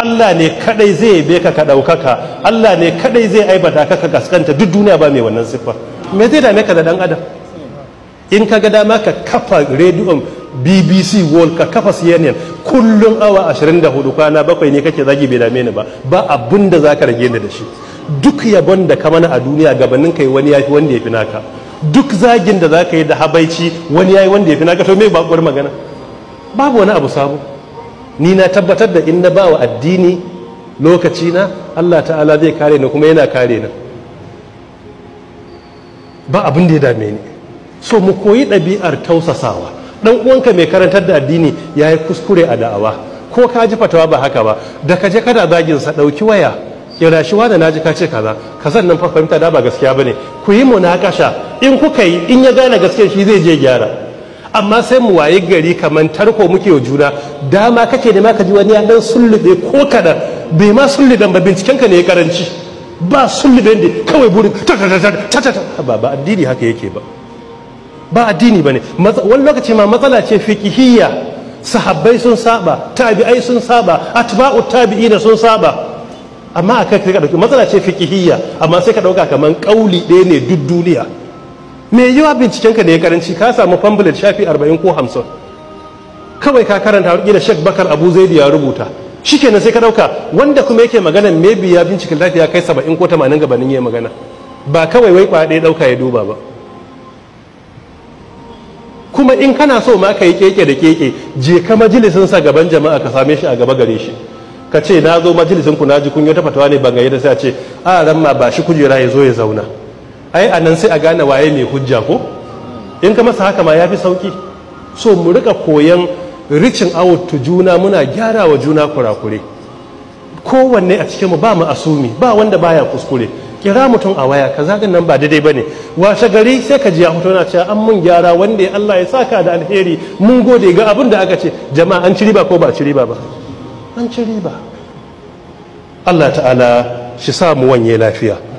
Allah ne kadai zai be ka ka daukaka Allah ne kadai zai aibata ka ka gaskanta duk duniya ba mai wannan siffar me zai dame ka da dan adam in ka ga dama ka kafa rediyon BBC World ka kafa CNN kullum awa 24 kwana bakwai ne kake zagi bai dame ni ba ba abin da zaka rage ni da shi duk yabon da ka mana a duniya gabanin kai wani yafi wanda yafi naka duk zagin da zaka yi da habaici wani yayi wanda yafi naka to me ba magana babu wani abu sabo ni na tabbatar da in na ba wa addini lokaci na Allah ta'ala zai kare ni kuma yana kare ni ba abin da ya dame ni so mu koyi ɗabi'ar tausasawa dan uwanka mai karantar da addini ya yi kuskure a da'awa ko ka ji fatawa ba haka ba da ka je kada zagin sa ɗauki waya kira shi wanda na ji ka ce kaza ka san nan fahimta da ba gaskiya bane ku yi munakasha in kuka yi in ya gane gaskiya shi zai je gyara amma sai mu waye gari kamar tarko muke wa juna dama kake da ma ka ji wani ya dan sullube ko kadan bai ma sulluben ba binciken ka ne ya karanci ba sulluben da kawai burin ta ta ta ta ta ba ba addini haka yake ba ba addini ba ne wani lokaci ma matsala ce fikihiyya sahabbai sun saba tabi'ai sun saba atba'u da sun saba amma kai ka dauki matsala ce fikihiyya amma sai ka dauka kaman ƙauli ɗaya ne duk duniya me yiwa bincikenka da ya karanci ka samu fambulet shafi 40 ko 50 kawai ka karanta wani da shek Bakar Abu Zaid ya rubuta shi shikenan sai ka dauka wanda kuma yake magana mai biya bincika lafiya kai saba'in ko tamanin gabanin yi magana ba kawai wai kwaɗe dauka ya duba ba kuma in kana so ma ka yi keke da keke je ka sa gaban jama'a ka same shi a gaba gare shi ka ce na zo majalisin ku na ji kun yi ta fatawa ne ban gayyata sai a ce a ran ma ba shi kujera ya zo ya zauna ai a nan sai a gane waye mai hujja ko in ka masa haka ma ya fi sauki so mu rika koyan ricin out juna muna gyara wa juna kurakure kowanne a cikinmu ba mu asumi ba wanda baya kuskure kira mutum a waya kaza din nan ba daidai ba ne. washe gari sai ka ji ya hoto na cewa an mun gyara wanda ya Allah ya saka da alheri mun gode ga abin da aka ce jama'a an ci riba ko ba ci riba ba an ci riba Allah ta'ala shi sa mu wanye lafiya